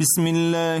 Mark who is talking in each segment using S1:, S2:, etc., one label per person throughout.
S1: بسم الله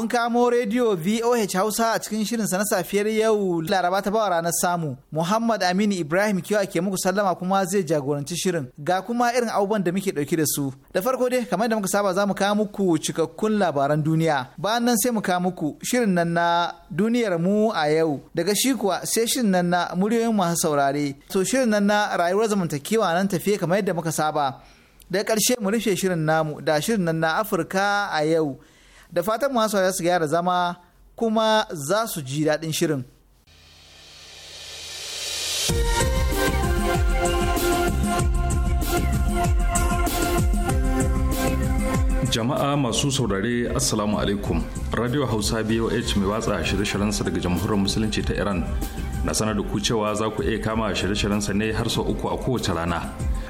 S2: Kun kamo rediyo VOH Hausa a cikin shirin sa na safiyar yau Laraba ta bawa ranar samu. Muhammad Aminu Ibrahim kiyo ke muku sallama kuma zai jagoranci shirin. Ga kuma irin abubuwan da muke ɗauki da su. Da farko dai kamar da muka saba za mu kawo muku cikakkun labaran duniya. Bayan nan sai mu kawo muku shirin nan na duniyar mu a yau. Daga shi kuwa sai shirin nan na muryoyin masu saurare. To shirin nan na rayuwar zamantakewa nan tafiye kamar yadda muka saba. Da ƙarshe mu rufe shirin namu da shirin nan na Afirka a yau. da fatan masu za su gyara zama kuma za su ji daɗin shirin.
S3: jama'a masu saurare assalamu alaikum radio hausa boh mai watsa shirye-shiryensa daga jamhuriyar musulunci ta iran na sanar da ku cewa za ku iya kama shirye sa ne har sau uku a kowace rana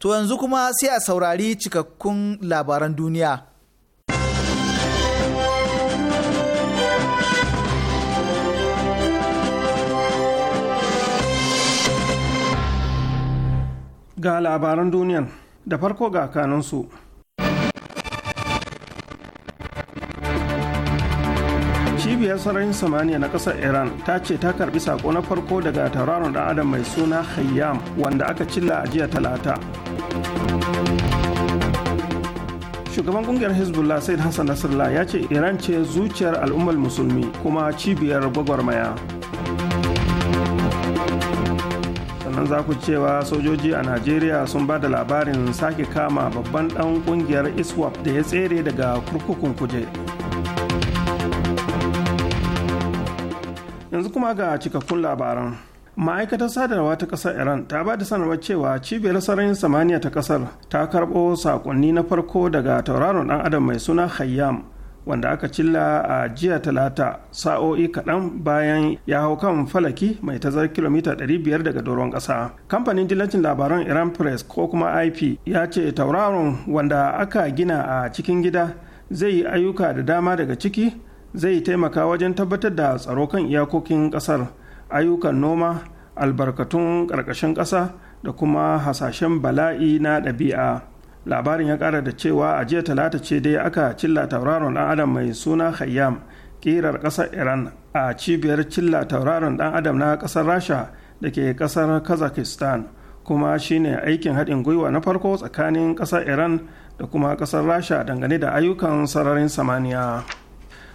S2: To yanzu kuma sai a saurari cikakkun labaran duniya.
S4: Ga labaran duniyan da farko ga kanunsu. cibiyar sararin samaniya na kasar iran ta ce ta karbi sako na farko daga tauraron dan adam mai suna khayyam wanda aka cilla a jiya talata shugaban kungiyar hezbollah said hassan nasrallah ya ce iran ce zuciyar al'ummar musulmi kuma cibiyar gwagwarmaya sannan za ku cewa sojoji a najeriya sun ba da labarin sake kama babban dan kungiyar iswap da ya tsere daga kurkukun kuje yanzu kuma ga cikakkun labaran ma'aikatar sadarwa ta ƙasar iran ta ba da sanarwar cewa cibiyar sararin samaniya ta kasar ta karbo sakonni na farko daga tauraron dan adam mai suna hayyam wanda aka cilla a jiya talata sa'o'i kaɗan bayan ya hau kan falaki mai tazar kilomita 500 daga doron ƙasa kamfanin dillacin labaran iran press ko kuma ip ya ce tauraron wanda aka gina a cikin gida zai yi ayyuka da dama daga ciki zai taimaka wajen tabbatar da tsaro kan iyakokin ƙasar ayyukan noma albarkatun ƙarƙashin ƙasa da kuma hasashen bala'i na ɗabi'a labarin ya ƙara da cewa a jiya talata ce dai aka cilla tauraron ɗan adam mai suna khayyam ƙirar ƙasar iran a cibiyar cilla tauraron ɗan adam na ƙasar rasha da ke ƙasar kazakhstan kuma shine aikin haɗin gwiwa na farko tsakanin ƙasar iran da kuma ƙasar rasha dangane da ayyukan sararin samaniya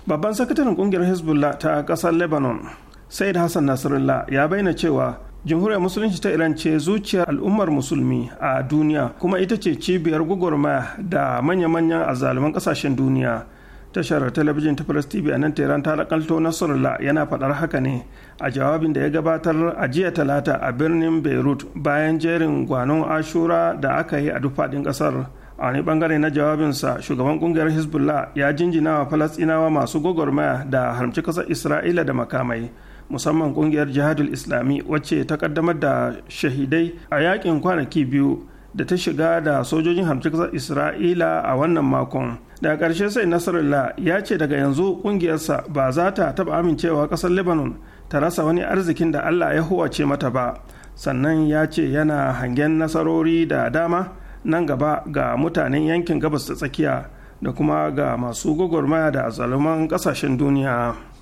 S4: babban sakataren ƙungiyar hezbollah ta ƙasar lebanon said hassan nasarullah ya bayyana cewa jamhuriyar musulunci ta iran ce zuciyar al'ummar musulmi a duniya kuma ita ce cibiyar gwagwarmaya da manya-manyan azzaluman kasashen duniya tashar talabijin ta press tv a nan tehran ta rakalto nasarullah yana faɗar haka ne a jawabin da ya gabatar a jiya talata a birnin beirut bayan jerin gwanon ashura da aka yi a duk faɗin ƙasar a wani bangare na jawabinsa shugaban ƙungiyar hezbollah ya jinjina wa falasɗinawa masu gwagwarmaya da harmci ƙasar isra'ila da makamai musamman kungiyar jihadul islami wacce ta kaddamar da shahidai a yakin kwanaki biyu da ta shiga da sojojin hamshiksar isra'ila a wannan makon da ƙarshe sai nasarallah ya ce daga yanzu ƙungiyarsa ba za ta taɓa amincewa ƙasar lebanon ta rasa wani arzikin da allah ya huwace mata ba sannan ya ce yana hangen nasarori da dama nan gaba ga mutanen yankin gabas ta tsakiya da kuma ga masu gwagwarmaya da azaluman ƙasashen duniya.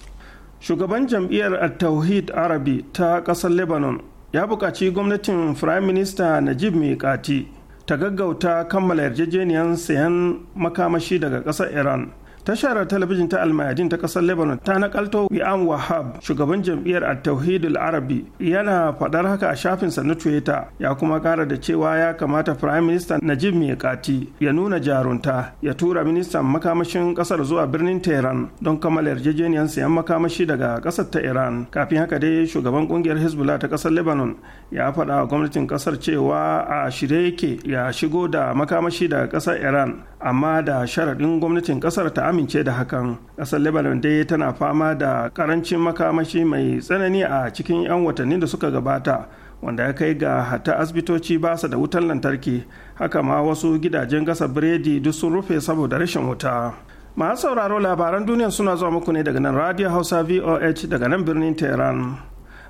S4: shugaban jam'iyyar al tauhid arabi ta ƙasar lebanon ya buƙaci gwamnatin firayim minista najib mikati ta gaggauta kammala yarjejeniyar sayan makamashi daga ƙasar iran tashar talabijin ta almayadin ta kasar lebanon ta nakalto wi'am wahab shugaban jam'iyyar at arabi yana fadar haka a shafinsa na twitter ya kuma kara da cewa ya kamata prime minister najib mikati ya nuna jarunta ya tura ministan makamashin kasar zuwa birnin tehran don kammala yarjejeniyar sayan makamashi daga kasar ta iran kafin haka dai shugaban kungiyar hezbollah ta kasar lebanon ya faɗa wa gwamnatin kasar cewa a shirye yake ya shigo da makamashi daga kasar iran amma da sharaɗin gwamnatin ƙasar ta amince da hakan ƙasar lebanon dai tana fama da ƙarancin makamashi mai tsanani a cikin 'yan watanni da suka gabata wanda ya kai ga hata asibitoci ba su da wutar lantarki haka ma wasu gidajen gasa biredi duk sun rufe saboda rashin wuta masu sauraro labaran duniya suna zuwa muku ne daga nan radio hausa voh daga nan birnin tehran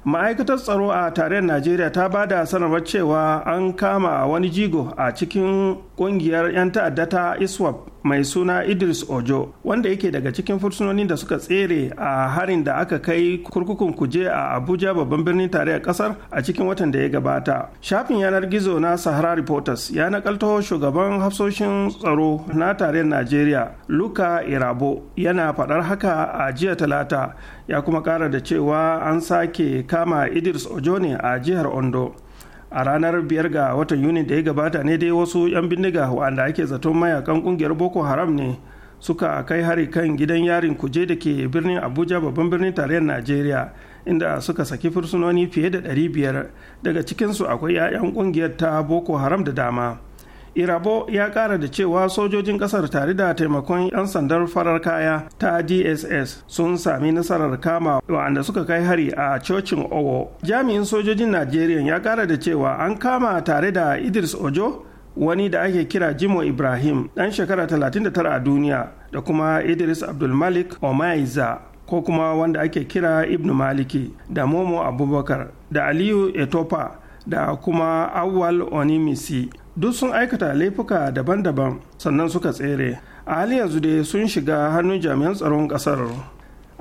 S4: ma'aikatar tsaro a tarayyar najeriya ta ba da sanarwar cewa an kama wani jigo a cikin kungiyar 'yan ta'adda ta iswap mai suna idris ojo wanda yake daga cikin fursunonin da suka tsere a harin da aka kai kurkukun kuje a abuja babban birnin tarayya kasar a cikin watan da ya gabata shafin yanar gizo na sahara reporters ya nakalto shugaban hafsoshin tsaro na tarayyar najeriya luka irabo yana faɗar haka a jiya talata ya kuma ƙara da cewa an sake kama idris ojo ne a jihar ondo a ranar biyar ga watan yuni da ya gabata ne dai wasu 'yan bindiga wanda ake zaton mayakan kungiyar boko haram ne suka kai hari kan gidan yarin kuje da ke birnin abuja babban birnin tarayyar najeriya inda suka saki fursunoni fiye da 500 daga cikinsu akwai 'ya'yan kungiyar ta boko haram da dama irabo ya kara da cewa sojojin kasar tare da taimakon 'yan sandar farar kaya ta dss sun sami nasarar kama waɗanda suka kai hari a cocin owo jami'in sojojin najeriya ya kara da cewa an kama tare da idris ojo wani da ake kira jimo ibrahim ɗan shekara 39 a duniya da kuma idris abdulmalik omaiza ko kuma wanda ake kira ibnu maliki da momo abubakar da aliyu etopa da kuma awal onimisi duk sun aikata laifuka daban-daban sannan suka tsere a hali yanzu dai sun shiga hannun jami'an tsaron ƙasar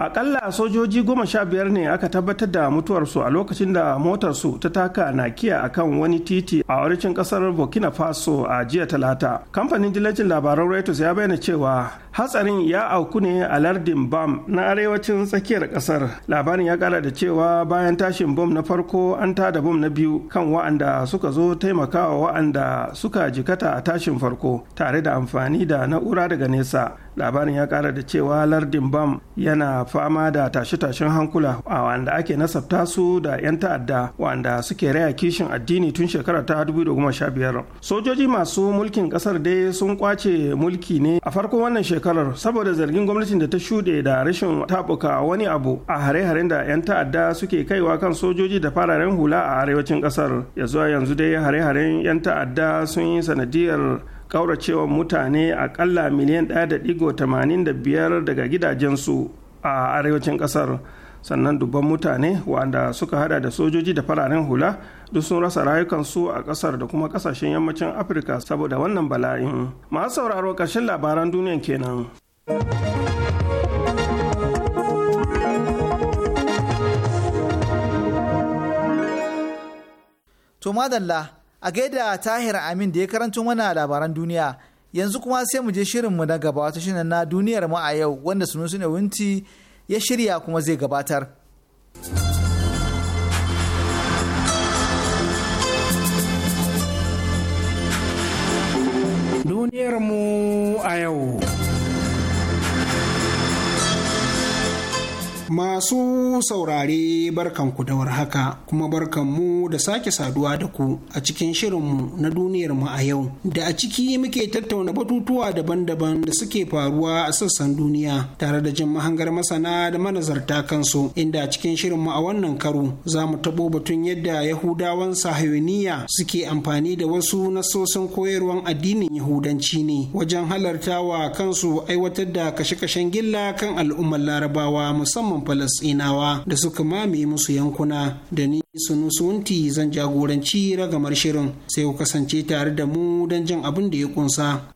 S4: akalla sojoji goma sha biyar ne aka tabbatar da mutuwarsu a lokacin da motarsu ta taka nakiya akan wani titi a waricin kasar burkina faso a jiya talata kamfanin dillacin labaran reuters ya bayyana cewa hatsarin ya auku ne a lardin bam na arewacin tsakiyar kasar labarin ya kara da cewa bayan tashin bom na farko an ta da bom na biyu kan wa'anda suka zo taimakawa wa'anda suka jikata a tashin farko tare da amfani da na'ura daga nesa labarin ya kara da cewa lardin bam yana fama da tashe-tashen hankula a wanda ake nasabta su da 'yan ta'adda wanda suke raya kishin addini tun shekara ta 2015 sojoji masu mulkin kasar dai sun kwace mulki ne a farkon wannan shekarar saboda zargin gwamnatin da ta shuɗe da rashin tabuka wani abu a hare-haren da 'yan ta'adda suke kaiwa kan sojoji da fararen hula a arewacin kasar yanzu dai hare-haren 'yan ta'adda sun yi sanadiyar kauracewa mutane akalla miliyan 1.85 daga gidajensu a arewacin kasar sannan dubban mutane wanda suka hada da sojoji da fararen hula duk sun rasa rayukansu a kasar da kuma kasashen yammacin afirka saboda wannan bala'in masu sauraro ƙarshen labaran duniyan kenan.
S2: To madalla a gaida tahir amin da ya karanto mana labaran duniya yanzu kuma sai mu je mu na gaba wata shirin na duniyar mu a yau wanda sunusu ne winti ya shirya kuma zai gabatar
S5: duniyar mu a
S6: yau Masu saurare barkanku da warhaka kuma barkanmu da sake saduwa da ku a cikin shirinmu na duniyarmu a yau da a ciki muke tattauna batutuwa daban-daban da suke faruwa a sassan duniya tare da jin mahangar masana da manazarta kansu inda a cikin shirinmu a wannan karo za mu taɓo batun yadda Yahudawan Sahayuniya suke amfani da wasu nasosin koyarwan addinin Yahudanci ne wajen halartawa kansu aiwatar da kashe-kashen gilla kan al'ummar Larabawa musamman yawan falasinawa da suka mamaye musu yankuna da ni sunti zan jagoranci ragamar shirin sai ku kasance tare da mu don jin abin da ya kunsa.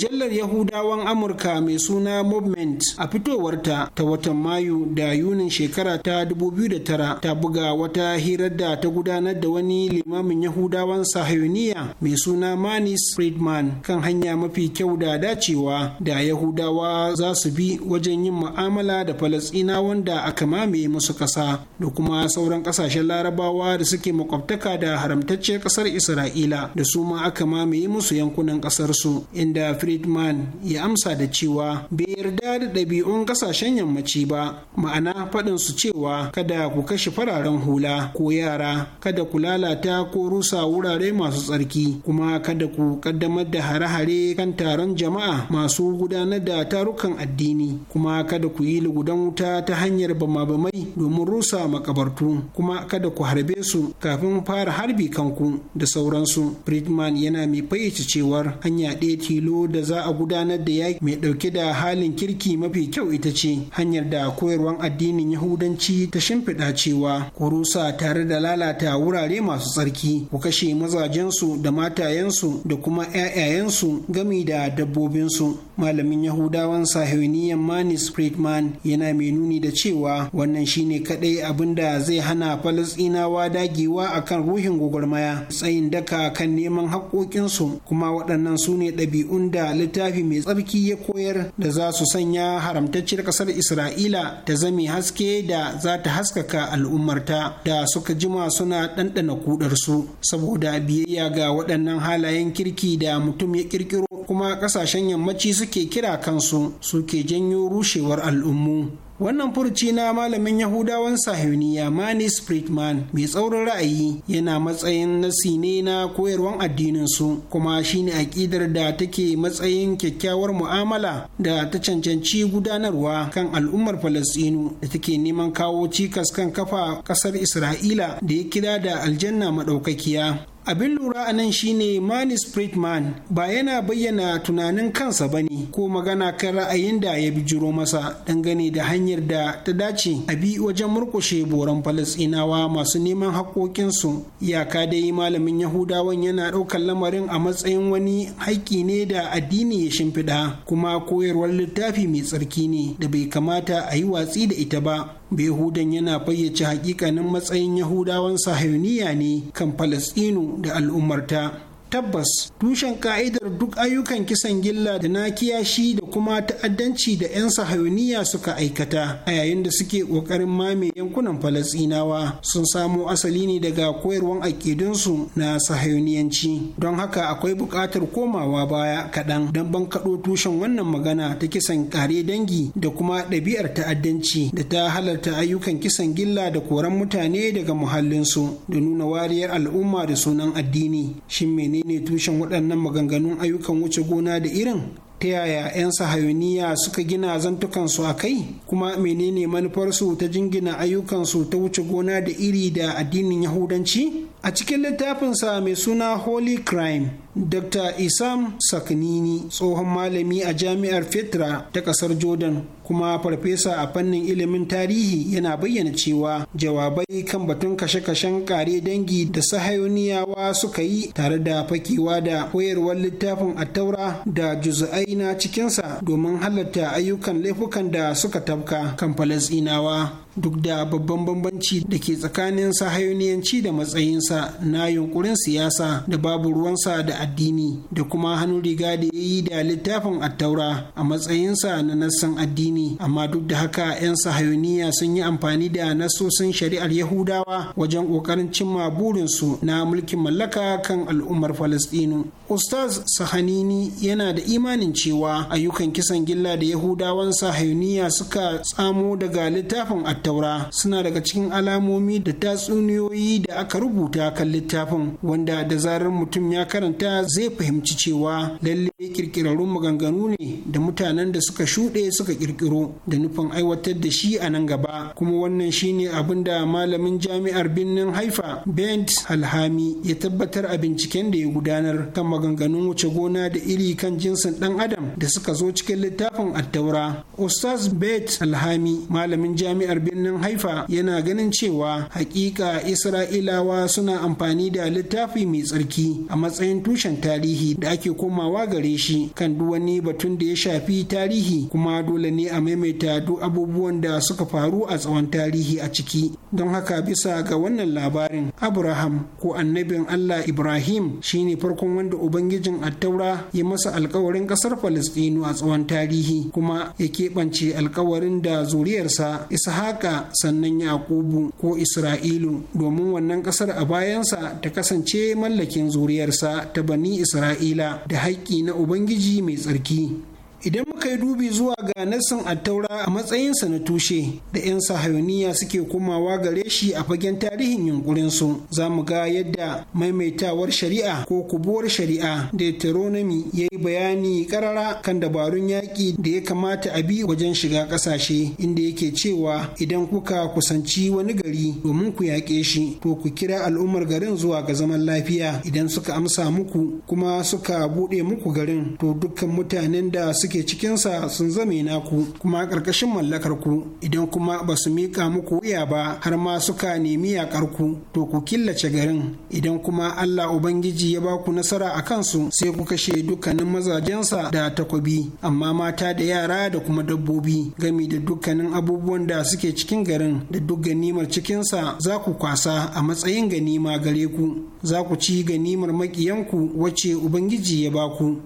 S6: mujallar yahudawan amurka mai suna movement a fitowarta ta watan mayu da yunin shekara ta 2009 ta buga wata hirar da ta gudanar da wani limamin yahudawan sahayoniya mai suna manis friedman kan hanya mafi kyau da dacewa da yahudawa za su bi wajen yin ma'amala da falasina wanda aka mame musu kasa da kuma sauran kasashen larabawa da suke makwabtaka da haramtacciyar kasar isra'ila da su ma aka mamaye musu yankunan kasar su inda friedman ya amsa da cewa bai yarda da ɗabi'un ƙasashen yammaci ba ma'ana faɗin su cewa kada ku kashe fararen hula ko yara kada ku lalata ko rusa wurare masu tsarki kuma kada ku ƙaddamar da hare-hare kan taron jama'a masu gudanar da tarukan addini kuma kada ku yi lugudan wuta ta hanyar bama-bamai domin rusa makabartu kuma kada ku harbe su kafin fara harbi kanku da sauransu friedman yana mai fayyace cewar hanya ɗaya tilo da da za a gudanar da yaƙi mai ɗauke da halin kirki mafi kyau ita ce hanyar da koyarwar addinin yahudanci ta shimfiɗa cewa ku tare da lalata wurare masu tsarki ku kashe mazajensu da matayensu da kuma 'ya'yayensu gami da dabbobinsu malamin yahudawan sahiwiniyan manis friedman yana mai nuni da cewa wannan shine kaɗai abin da zai hana falasɗinawa dagewa akan ruhin gwagwarmaya tsayin daka kan neman haƙoƙinsu kuma waɗannan su ne ɗabi'un da littafi mai tsarki ya koyar da za su sanya haramtacciyar ƙasar isra'ila ta zame haske da za ta haskaka al'ummarta da suka jima suna ɗanɗana kudarsu saboda biyayya ga waɗannan halayen kirki da mutum ya ƙirƙiro kuma ƙasashen yammaci suke kira kansu suke janyo rushewar al'ummu Wannan furci na malamin Yahudawan Sahiyoniya Mani Friedman mai tsaurin ra'ayi yana matsayin nasi ne na koyarwan addinin su kuma shine aƙidar da take matsayin kyakkyawar mu'amala da ta cancanci gudanarwa kan al'ummar Falasɗinu da take neman kawo cikas kan kafa ƙasar Isra'ila da ya kira da aljanna maɗaukakiya. abin lura a nan shine manis friedman ba yana bayyana tunanin kansa ba ne ko magana kan ra'ayin da ya bijiro masa dangane da hanyar da ta dace a bi wajen murkushe boran falasinawa masu neman haƙoƙinsu iyaka dai malamin yahudawan yana ɗaukar lamarin a matsayin wani haƙƙi ne da addini ya shimfiɗa kuma koyarwar littafi mai tsarki ne da bai kamata a yi watsi da ita ba behudan yana fayyace hakikanin matsayin yahudawan sahayuniya ne kan falasɗinu da al'ummarta tabbas tushen ka'idar duk ayyukan kisan gilla da na kiyashi da kuma ta'addanci da 'yan sahayoniya suka aikata a yayin da suke ƙoƙarin mame yankunan falasinawa sun samo asali ne daga koyarwan aƙidunsu na sahayoniyanci don haka akwai buƙatar komawa baya kaɗan don ban kaɗo tushen wannan magana ta kisan kare dangi da kuma ɗabi'ar ta'addanci da ta halarta ayyukan kisan gilla da koran mutane daga muhallinsu da nuna wariyar al'umma da sunan addini shin menene menene tushen waɗannan maganganun ayyukan wuce gona da irin ta yaya 'yan sahayoniya suka gina zantukansu a kai kuma menene manufarsu ta jingina ayyukansu ta wuce gona da iri da addinin yahudanci a cikin littafinsa mai suna holy crime Dr. Isam Saknini tsohon malami a jami'ar Fetra ta ƙasar Jordan kuma farfesa a fannin ilimin tarihi yana bayyana cewa jawabai kan batun kashe-kashen kare dangi da sahayoniyawa suka yi tare da fakewa da koyarwar littafin attaura da juzu'ai na cikinsa domin halatta ayyukan laifukan da suka tafka kan falasinawa duk da babban bambanci da ke tsakanin sahayoniyanci da matsayinsa na yunkurin siyasa da babu ruwansa da addini da kuma hannun riga da ya yi da littafin attaura a matsayinsa na nassan addini amma duk da haka 'yan sahayoniya sun yi amfani da nassosin shari'ar yahudawa wajen ƙoƙarin cimma burinsu na mulkin mallaka kan al'ummar falastinu ustaz sahanini yana da imanin cewa ayyukan kisan gilla da yahudawan sahayoniya suka tsamo daga littafin attaura attaura suna daga cikin alamomi da tatsuniyoyi da aka rubuta kan littafin wanda da zarar mutum ya karanta zai fahimci cewa lalle kirkirarrun maganganu ne da mutanen da suka shuɗe suka kirkiro da nufin aiwatar da shi a nan gaba kuma wannan shine abin da malamin jami'ar birnin haifa bent alhami ya tabbatar a binciken da ya gudanar kan maganganun wuce gona da iri kan jinsin ɗan adam da suka zo cikin littafin attaura ustaz bet alhami malamin jami'ar birnin haifa yana ganin cewa hakika isra'ilawa suna amfani da littafi mai tsarki a matsayin tushen tarihi da ake komawa gare shi kan duk wani batun da ya shafi tarihi kuma dole ne a maimaita duk abubuwan da suka faru a tsawon tarihi a ciki don haka bisa ga wannan labarin abraham ko annabin allah ibrahim shine farkon wanda ubangijin attaura ya masa alkawarin kasar falistinu a tsawon tarihi kuma ya keɓance alkawarin da zuriyarsa ishaq haka sannan yakubu ko isra'ilu domin wannan ƙasar a bayansa ta kasance mallakin zuriyarsa ta bani isra'ila da haƙƙi na ubangiji mai tsarki idan muka yi dubi zuwa ga nassin attaura a matsayinsa na tushe da 'yan sahayoniya suke komawa gare shi a fagen tarihin yunkurinsu za mu ga yadda maimaitawar shari'a ko kubuwar shari'a deuteronomy ya yi bayani karara kan dabarun yaƙi da ya kamata a bi wajen shiga ƙasashe inda yake cewa idan kuka kusanci wani gari domin ku yaƙe shi to ku kira al'ummar garin zuwa ga zaman lafiya idan suka amsa muku kuma suka buɗe muku garin to dukkan mutanen da suke suke cikinsa sun zame naku kuma ƙarƙashin mallakar ku idan kuma ba su miƙa muku wuya ba har ma suka nemi yaƙar ku to ku killace garin idan kuma Allah Ubangiji ya ba ku nasara a kansu sai ku kashe dukkanin mazajensa da takobi amma mata da yara da kuma dabbobi gami da dukkanin abubuwan da suke cikin garin da duk ganimar cikinsa za ku kwasa a matsayin ganima gare ku za ku ci ganimar maƙiyanku wacce Ubangiji ya ba ku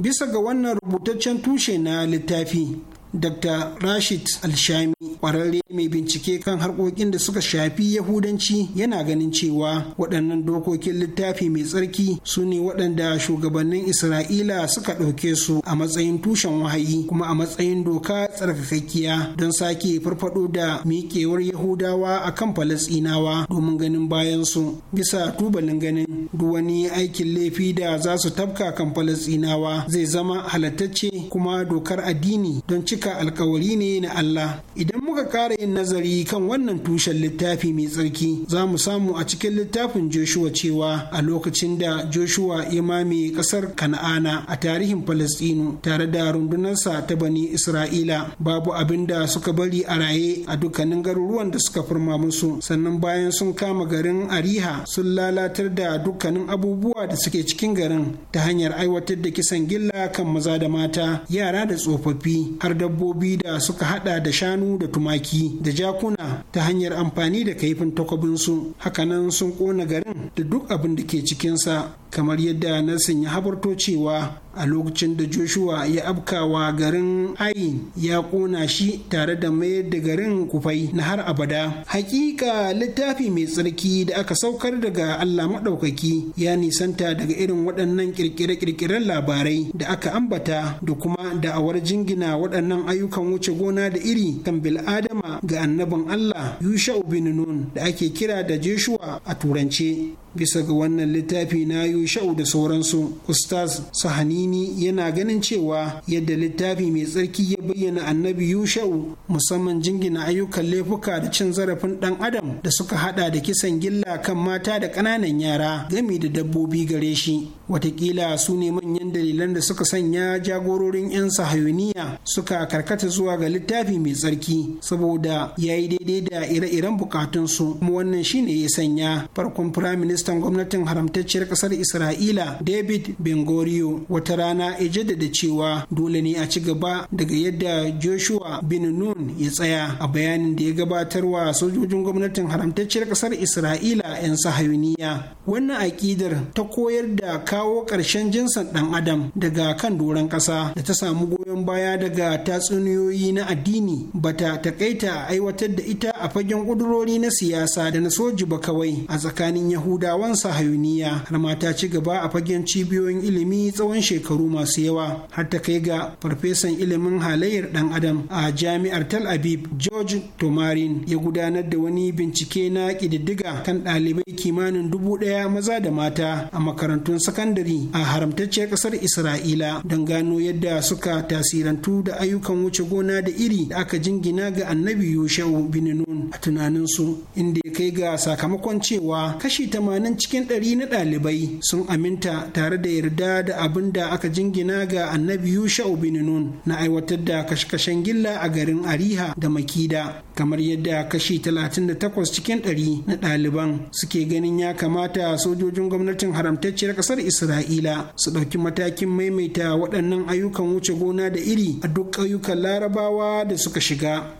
S6: bisa ga wannan rubutaccen tushe na littafi Dr. Rashid Alshami kwararre mai bincike kan harkokin da suka shafi Yahudanci yana ganin cewa waɗannan dokokin littafi mai tsarki su ne waɗanda shugabannin Isra'ila suka ɗauke su a matsayin tushen wahayi kuma a matsayin doka tsarkakakkiya don sake farfado da miƙewar Yahudawa a kan Falasɗinawa domin ganin bayan su bisa tubalin ganin duk wani aikin laifi da za su tafka kan Falasɗinawa zai zama halattacce kuma dokar addini don cika cika alkawari ne na Allah. Idan muka ƙara yin nazari kan wannan tushen littafi mai tsarki, za mu samu a cikin littafin Joshua cewa a lokacin da Joshua ya mame ƙasar Kana'ana a tarihin Falastinu tare da rundunarsa ta bani Isra'ila, babu abin da suka bari a raye a dukkanin garuruwan da suka firma musu. Sannan bayan sun kama garin Ariha sun lalatar da dukkanin abubuwa da suke cikin garin ta hanyar aiwatar da kisan gilla kan maza da mata, yara da tsofaffi har da dabbobi da suka hada da shanu da tumaki da jakuna ta hanyar amfani da kaifin takwabinsu hakanan sun kona garin da duk abin da ke cikinsa kamar yadda nasin ya habarto cewa a lokacin da joshua ya abkawa garin ayin ya kona shi tare da mayar da garin kufai na har abada hakika littafi mai tsarki da aka saukar daga allah maɗaukaki ya nisanta daga irin waɗannan kirkire-kirkiren labarai da aka ambata da kuma da'awar jingina waɗannan ayyukan wuce gona da iri kan bil'adama ga annabin allah yusha'u bin nun da ake kira da joshua a turance bisa ga wannan littafi na yusha'u da sauransu ustaz sahanini yana ganin cewa yadda littafi mai tsarki ya bayyana annabi yusha'u musamman jingina ayyukan laifuka da cin zarafin dan adam da suka hada da kisan gilla kan mata da kananan yara gami da dabbobi gare shi watakila su ne manyan dalilan da suka sanya jagororin 'yan sahayuniya suka karkata zuwa ga littafi mai tsarki saboda ya yi daidai da ire-iren bukatunsu kuma wannan shine ya sanya farkon firaminista ministan gwamnatin haramtacciyar kasar isra'ila david ben wata rana ya jaddada cewa dole ne a ci gaba daga yadda joshua bin nun ya tsaya a bayanin da ya gabatar wa sojojin gwamnatin haramtacciyar kasar isra'ila 'yan sahayuniya wannan aƙidar ta koyar da kawo ƙarshen jinsin ɗan adam daga kan doron ƙasa da ta samu goyon baya daga tatsuniyoyi na addini bata takaita aiwatar da ita a fagen ƙudurori na siyasa da na soji ba kawai a tsakanin yahuda yahudawan sahayuniya har mata ci gaba a fagen cibiyoyin ilimi tsawon shekaru masu yawa har ta kai ga farfesan ilimin halayyar dan adam a jami'ar tel aviv george tomarin ya gudanar da wani bincike na kididdiga kan ɗalibai kimanin dubu ɗaya maza da mata a makarantun sakandare a haramtacciyar ƙasar isra'ila don gano yadda suka tasirantu da ayyukan wuce gona da iri da aka jingina ga annabi yushau bin nun a tunaninsu inda ya kai ga sakamakon cewa kashi 80 80 cikin ɗari na ɗalibai sun aminta tare da yarda da abin da aka jingina ga annabi yusha'u bin na aiwatar da kashe gilla a garin ariha da makida kamar yadda kashi 38 cikin ɗari na ɗaliban suke ganin ya kamata sojojin gwamnatin haramtacciyar ƙasar isra'ila su ɗauki matakin maimaita waɗannan ayyukan wuce gona da iri a duk ayyukan larabawa da suka shiga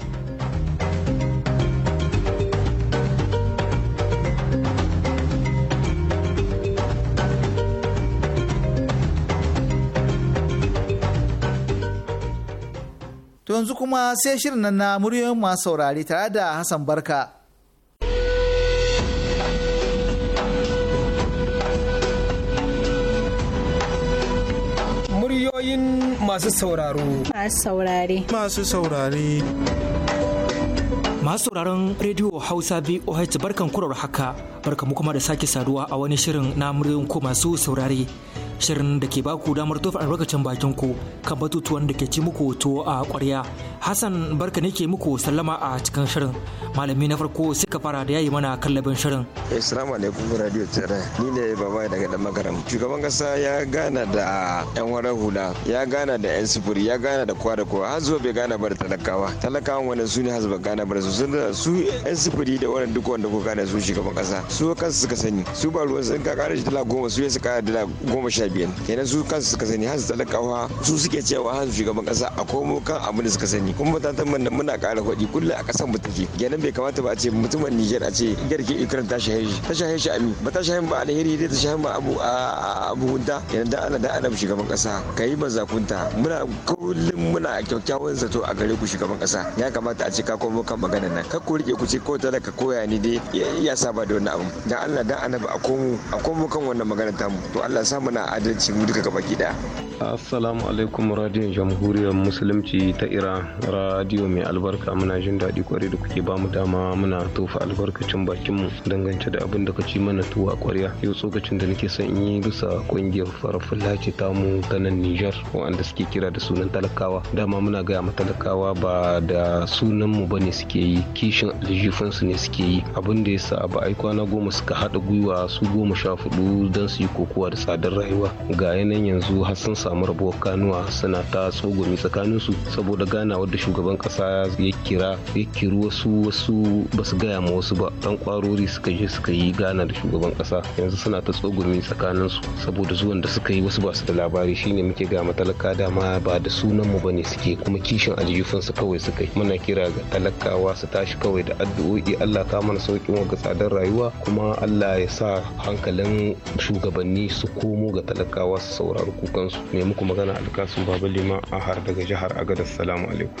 S2: To yanzu kuma sai shirin nan na muryoyin masu saurare tare da Hassan Barka.
S7: Muryoyin masu sauraro.
S1: Masu saurare.
S7: Masu saurare. Masu sauraron rediyo Hausa BOH barkan kurar haka, barkamu kuma da sake saduwa a wani shirin na muryoyin ko masu saurare. shirin da ke baku damar tofa albarkacin bakin ku kan batutuwan da ke ci muku hoto a ƙwarya Hassan barka ne ke muku sallama a cikin shirin. Malami na farko sai ka fara da yayi mana kallabin shirin.
S8: Assalamu eh, alaikum Radio Tsere. Ni ne babai daga dan magaram. Shugaban kasa ya gana da yan wara hula, ya gana da yan sufuri, ya gana da kwa da kwa. Har zuwa bai gana bar talakawa. Talakawan wannan su ne hasba gana bar da su su yan sufuri da wannan duk wanda kuka gane su shugaban kasa. Su kansu suka sani. Su ba ruwan sun ka kare shi dala goma su yasa suka dala goma sha biyar. Kenan su kansu suka sani har talakawa su suke cewa har shugaban kasa a komo kan abin da suka sani. yi kuma ta mun muna ƙara kuɗi kullum a ƙasar mu take kenan bai kamata ba a ce mutumin Niger a ce ke ukraine ta shahe shi ta shahe shi mi ba ta shahe ba alheri dai ta shahe ba abu abu hunta yana da ana da ana shugaban ƙasa kai mazakunta muna kullum muna kyakkyawan zato a gare ku shugaban ƙasa ya kamata a ce ka komo kan magana nan kar ku rike ku ce ko talaka koya ni dai ya saba da wannan abu dan Allah dan annabi a komo a komo kan wannan magana tamu to Allah sa muna adalci mu duka gaba ki daya
S9: assalamu alaikum radiyon jamhuriyar musulunci ta iran radio mai albarka muna jin daɗi kwarai da kuke bamu dama muna tofa albarkacin bakinmu dangance da abin da kaci mana tuwo a kwarya yau tsokacin da nake son in yi bisa ƙungiyar farfulla ce mu ta nan Nijar wanda suke kira da sunan talakawa dama muna gaya ma talakawa ba da sunan mu bane suke yi kishin aljifansu ne suke yi abin da yasa ba ai kwana goma suka haɗa gwiwa su goma sha hudu don su yi kokowa da tsadar rayuwa ga yanayin yanzu har sun samu rabuwar kanuwa suna ta tsogumi tsakaninsu saboda ganawa da shugaban kasa ya kira ya kiri wasu wasu ba su gaya ma wasu ba dan kwarori suka je suka yi gana da shugaban kasa yanzu suna ta tsogumi tsakanin su saboda zuwan da suka yi wasu ba su da labari shine muke ga matalaka dama ba da sunan mu bane suke kuma kishin aljifin su kawai suka yi muna kira ga talakawa su tashi kawai da addu'o'i Allah ka mana saukin wa ga tsadar rayuwa kuma Allah ya sa hankalin shugabanni su komo ga talakawa su saurari kukansu ne muku magana alkasun baba lima a har daga jihar agadar salamu alaikum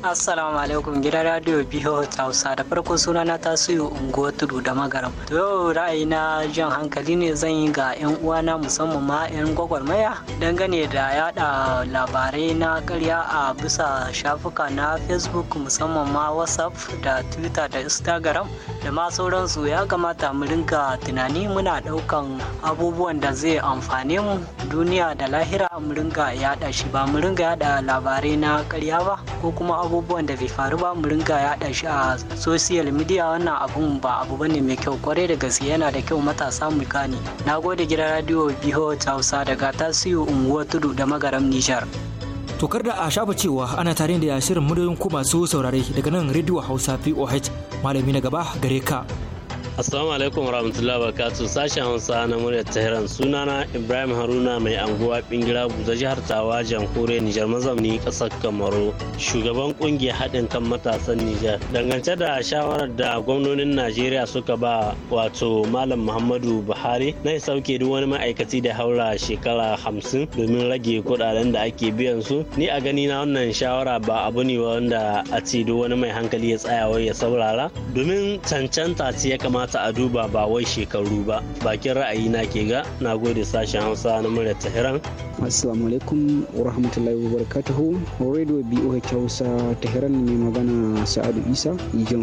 S10: Assalamu alaikum gidan radio biyu Hausa da farko suna na tasiri unguwa tudu da magaram. To yau ra'ayi na jan hankali ne zan yi ga 'yan uwana musamman ma 'yan gwagwarmaya dangane da yada labarai na karya a bisa shafuka na Facebook musamman ma WhatsApp da Twitter da Instagram da ma sauransu ya kamata mu rinka tunani muna daukan abubuwan da zai amfane mu duniya da lahira mu rinka yada shi ba mu rinka yada labarai na karya ba ko kuma abubuwan da bai faru ba mu ringa yaɗa shi a social media wannan abun ba abu bane mai kyau kwarai da gaske yana da kyau matasa mu gane na gode gidan radio biho hausa daga tasiu
S7: unguwar tudu da magaram nijar kar da a shafa cewa ana tare da shirin muryoyin ku masu saurare daga nan radio hausa voh malami na gaba gare ka Assalamu
S10: alaikum warahmatullahi wabarakatuh sashen Hausa na muryar Tehran sunana Ibrahim Haruna mai anguwa Bingira Buza jihar Tawa jamhuriyar Nijar mazauni kasar Kamaru shugaban kungiyar haɗin kan matasan Nijar dangance da shawarar da gwamnonin Najeriya suka ba wato Malam Muhammadu Buhari na sauke duk wani ma'aikaci da haura shekara hamsin domin rage kuɗaɗen da ake biyan su ni a gani na wannan shawara ba abu ne wanda a ce duk wani mai hankali ya tsayawa ya saurara domin cancanta ce ya kamata kamata a duba ba wai shekaru ba bakin ra'ayi na ke ga na gode sashen hausa na murya tehran
S6: assalamu alaikum wa rahmatullahi wa barakatuhu radio boh hausa tehran ne magana sa'adu isa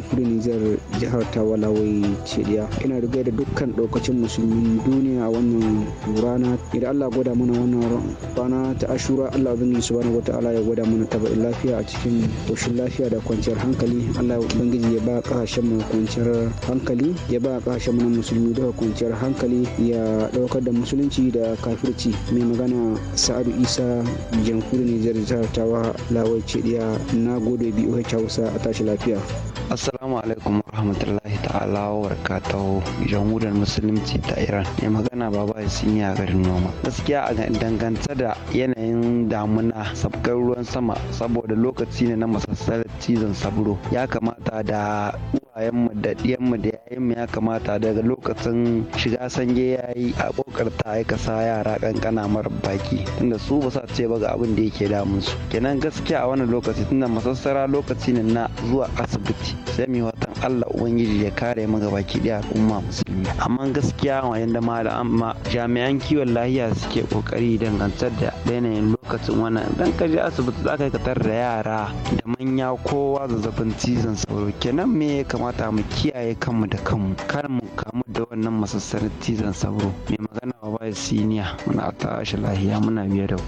S6: kudu nijar jihar tawalawai cediya ina rigai da dukkan daukacin musulmin duniya a wannan rana idan allah gwada mana wannan rana ta ashura allah ubangiji subhanahu ala ya gwada mana taba lafiya a cikin koshin lafiya da kwanciyar hankali allah ubangiji ya ba kasashen mu kwanciyar hankali ya ba kashe mana musulmi daga kwanciyar hankali ya daukar da musulunci da kafirci mai magana
S8: sa'adu isa jamhuri nijar jihar tawa lawai cediya na gode biyu hausa a tashi lafiya
S11: assalamu alaikum warahmatullahi ta'ala wa barakatuhu jamhuriyar musulunci ta iran mai magana baba ya a garin noma gaskiya a dangance da yanayin damuna sabgar ruwan sama saboda lokaci ne na masassarar cizon sabro ya kamata da uwayenmu da ɗiyanmu da yayinmu ya kamata daga lokacin shiga sanje ya yi a kokarta ya kasa yara kankana mara baki tunda su ba sa ce ba ga abin da yake damun su kenan gaskiya a wannan lokaci tunda masassara lokaci ne na zuwa asibiti sai mai watan Allah ubangiji ya kare mu ga baki daya al'umma musulmi amma gaskiya wayan da amma jami'an kiwon lahiya suke kokari dangantar da yanayin lokacin wannan dan ka je asibiti za ka da yara da manya kowa zazzabin cizon sauro kenan me ya kamata kamata mu kiyaye kanmu da kanmu kar mu kamu da wannan masassarar cizon sauro mai magana wa bai siniya muna tashi lahiya muna biye da ku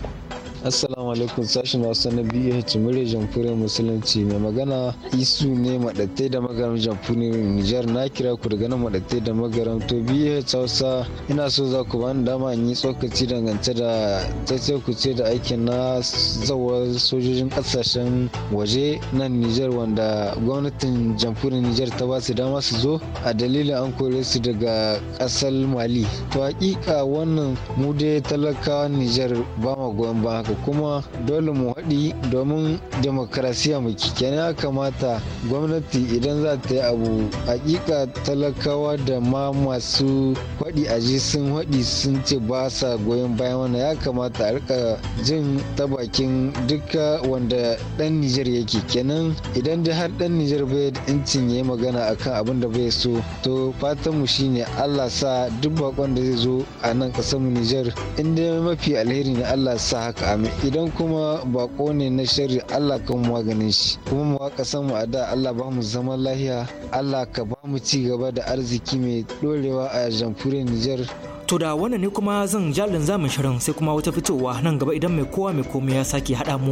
S12: Assalamu alaikum sashen Hausa na BH murya jamhuriyar musulunci mai magana isu ne madatai da magaram jamhuriyar Nijar na kira ku daga nan madatai da magaram to BH Hausa ina so za ku bani dama in yi tsokaci dangance da tsaye ku ce da aikin na zawar sojojin kasashen waje nan Nijar wanda gwamnatin jamhuriyar Nijar ta ba su dama su zo a dalilin an kore su daga kasar Mali to hakika wannan mu dai talakawa Nijar ba ma goyon ba ko kuma dole mu haɗi domin demokarasiya mu kenan ya kamata gwamnati idan za ta yi abu hakika talakawa da ma masu haɗi a ji sun haɗi sun ce ba sa goyon bayan wannan ya kamata a rika jin ta bakin duka wanda ɗan Nijar yake kenan idan da har ɗan Nijar bai incin ya yi magana akan abin da bai so to fatan mu shine Allah sa duk bakon da zai zo a nan ƙasar mu Nijar inda mafi alheri ne Allah sa haka amin idan kuma bako ne na shari Allah kan maganin shi kuma mu waka mu a da Allah ba mu zaman lahiya Allah ka ba mu ci gaba da arziki mai dorewa a jamhuriyar Nijar
S7: To da wannan ne kuma zan jalin zamin shirin sai kuma wata fitowa nan gaba idan mai kowa mai komai ya sake haɗa mu.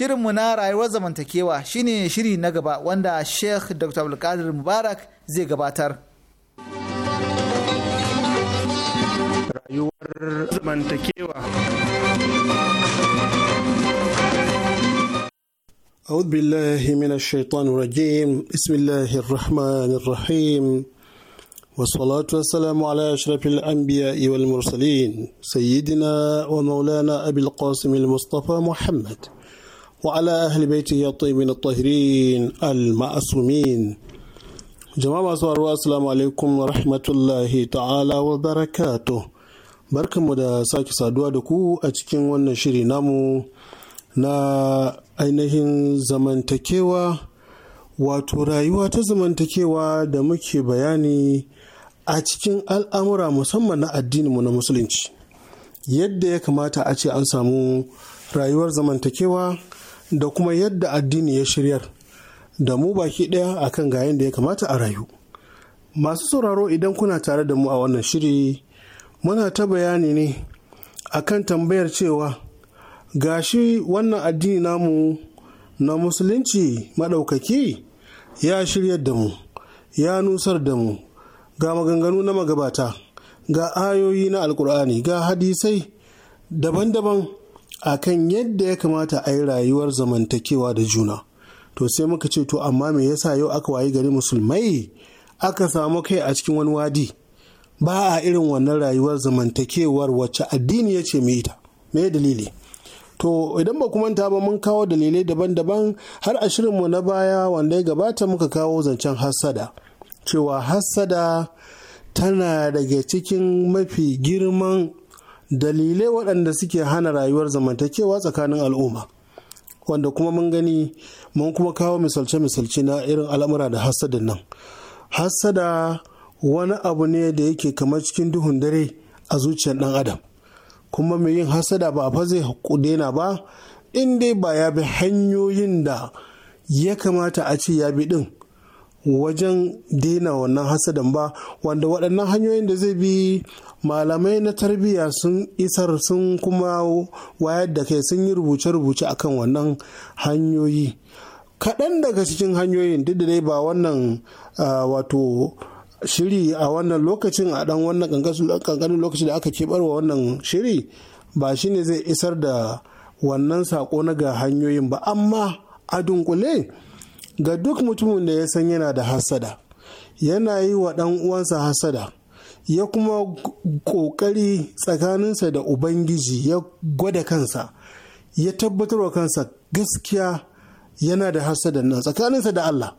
S2: Shirinmu na rayuwar zamantakewa shine shiri na gaba wanda Sheikh Dr. Abdulkadir Mubarak zai gabatar.
S4: Rayuwar zamantakewa.
S10: أعوذ بالله من الشيطان الرجيم بسم الله الرحمن الرحيم والصلاة والسلام على أشرف الأنبياء والمرسلين سيدنا ومولانا أبي القاسم المصطفى محمد وعلى أهل بيته الطيبين الطاهرين المعصومين jama'a masu warwa assalamu alaikum wa rahmatullahi ta'ala wa barakatuh da sake saduwa da ku a cikin wannan shiri namu na ainihin zamantakewa wato rayuwa ta zamantakewa da muke bayani a cikin al'amura musamman na addininmu na musulunci yadda ya kamata a ce an samu rayuwar zamantakewa da kuma yadda addini ya shiryar da mu baki ɗaya akan gayen da ya kamata a rayu masu sauraro idan kuna tare da mu a wannan shiri muna ta bayani ne a kan tambayar cewa gashi wannan addini namu na musulunci maɗaukaki ya shiryar da mu ya nusar da mu ga maganganu na magabata ga ayoyi na alkur'ani ga hadisai daban-daban A kan yadda ya kamata a yi rayuwar zamantakewa da juna to sai muka ce to amma me yasa yau aka wayi gari musulmai aka samu kai a cikin wani wadi ba a irin wannan rayuwar zamantakewar wacce addini ya ce mu ita me dalili to idan ba manta ba mun kawo dalilai daban-daban har a mu na baya wanda ya gabata muka kawo zancen hassada cewa hassada tana daga cikin mafi girman dalilai waɗanda suke hana rayuwar zamantakewa tsakanin al'umma wanda kuma mun gani mun kuma kawo misalce-misalce na irin al'amura da hasadin nan hasada wani abu ne da yake kamar cikin duhun dare a zuciyar ɗan adam kuma mai yin hasada ba a zai daina ba in dai ba ya bi hanyoyin da ya kamata a ce ya bi ɗin wajen daina wannan hasadan ba wanda waɗannan hanyoyin da zai bi malamai na tarbiyya sun isar sun kuma wayar da kai sun yi rubuce-rubuce akan wannan hanyoyi kaɗan daga cikin hanyoyin duk da dai ba wannan wato shiri a wannan lokacin a ɗan wannan ƙanƙanin lokacin da aka keɓarwa wannan shiri ba shi ne zai isar da wannan saƙo na ga hanyoyin ba amma a dunkule ga duk mutumin da ya san yana da hasada yana yi wa ɗan uwansa hasada ya kuma ƙoƙari tsakaninsa da ubangiji ya gwada kansa ya tabbatar wa kansa gaskiya yana da hasada nan tsakaninsa da Allah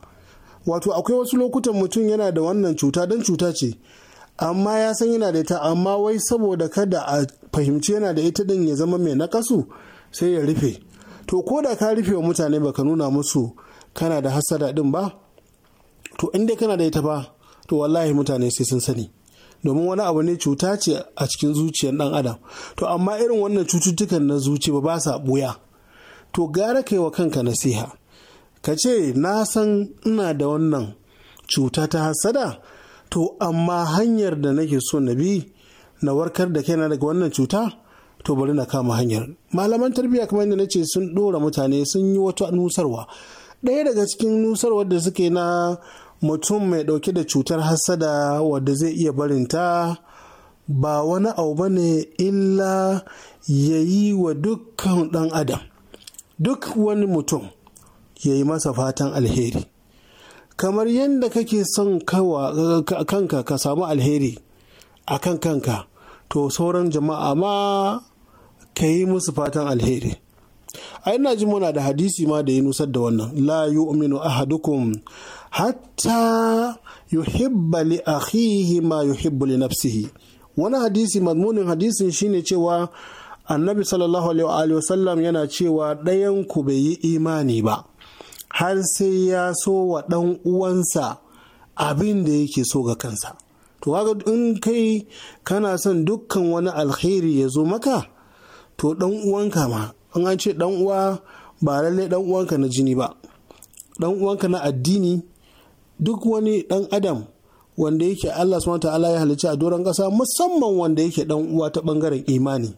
S10: wato akwai wasu lokutan mutum yana da wannan cuta don cuta ce amma ya san yana da ita amma wai saboda kada a fahimci yana da ita din ya zama mai nakasu sai ya rufe to ko da ka rufe wa mutane baka nuna musu kana da hasada din ba to in dai kana da ita ba to wallahi mutane sai sun sani domin wani abu ne cuta ce a cikin zuciyar dan adam to amma irin wannan cututtukan na zuci ba sa buya to gara kai wa kanka nasiha ka ce na san ina da wannan cuta ta hasada to amma hanyar da nake so na bi na warkar da kai na daga wannan cuta to bari na kama hanyar malaman tarbiyya kamar yadda ce sun dora mutane sun yi wata nusarwa ɗaya daga cikin nusar wadda suke na mutum mai ɗauke da cutar hassada wadda zai iya barinta ba wani abu ba ne illa ya yi wa dukkan ɗan adam duk wani mutum ya yi masa fatan alheri kamar yadda kake son kanka ka samu alheri a kan kanka to sauran jama'a ma ka yi musu fatan alheri a ina ji muna da hadisi ma da ya nusar da wannan la yu'minu ahadukum hatta yuhibba li akhihi ma yuhibbu li nafsihi wani hadisi mazmunin hadisin shine cewa annabi sallallahu alaihi wasallam yana cewa ɗayan ku bai yi imani ba har sai ya so wa ɗan uwansa abin da yake so ga kansa to kaga in kai kana son dukkan wani alkhairi ya zo maka to ɗan uwanka ma in an ce dan uwa ba lallai dan uwanka na jini ba dan uwanka na addini duk wani dan adam wanda yake Allah subhanahu ta'ala ya halicci a doron kasa musamman wanda yake dan uwa ta bangaren imani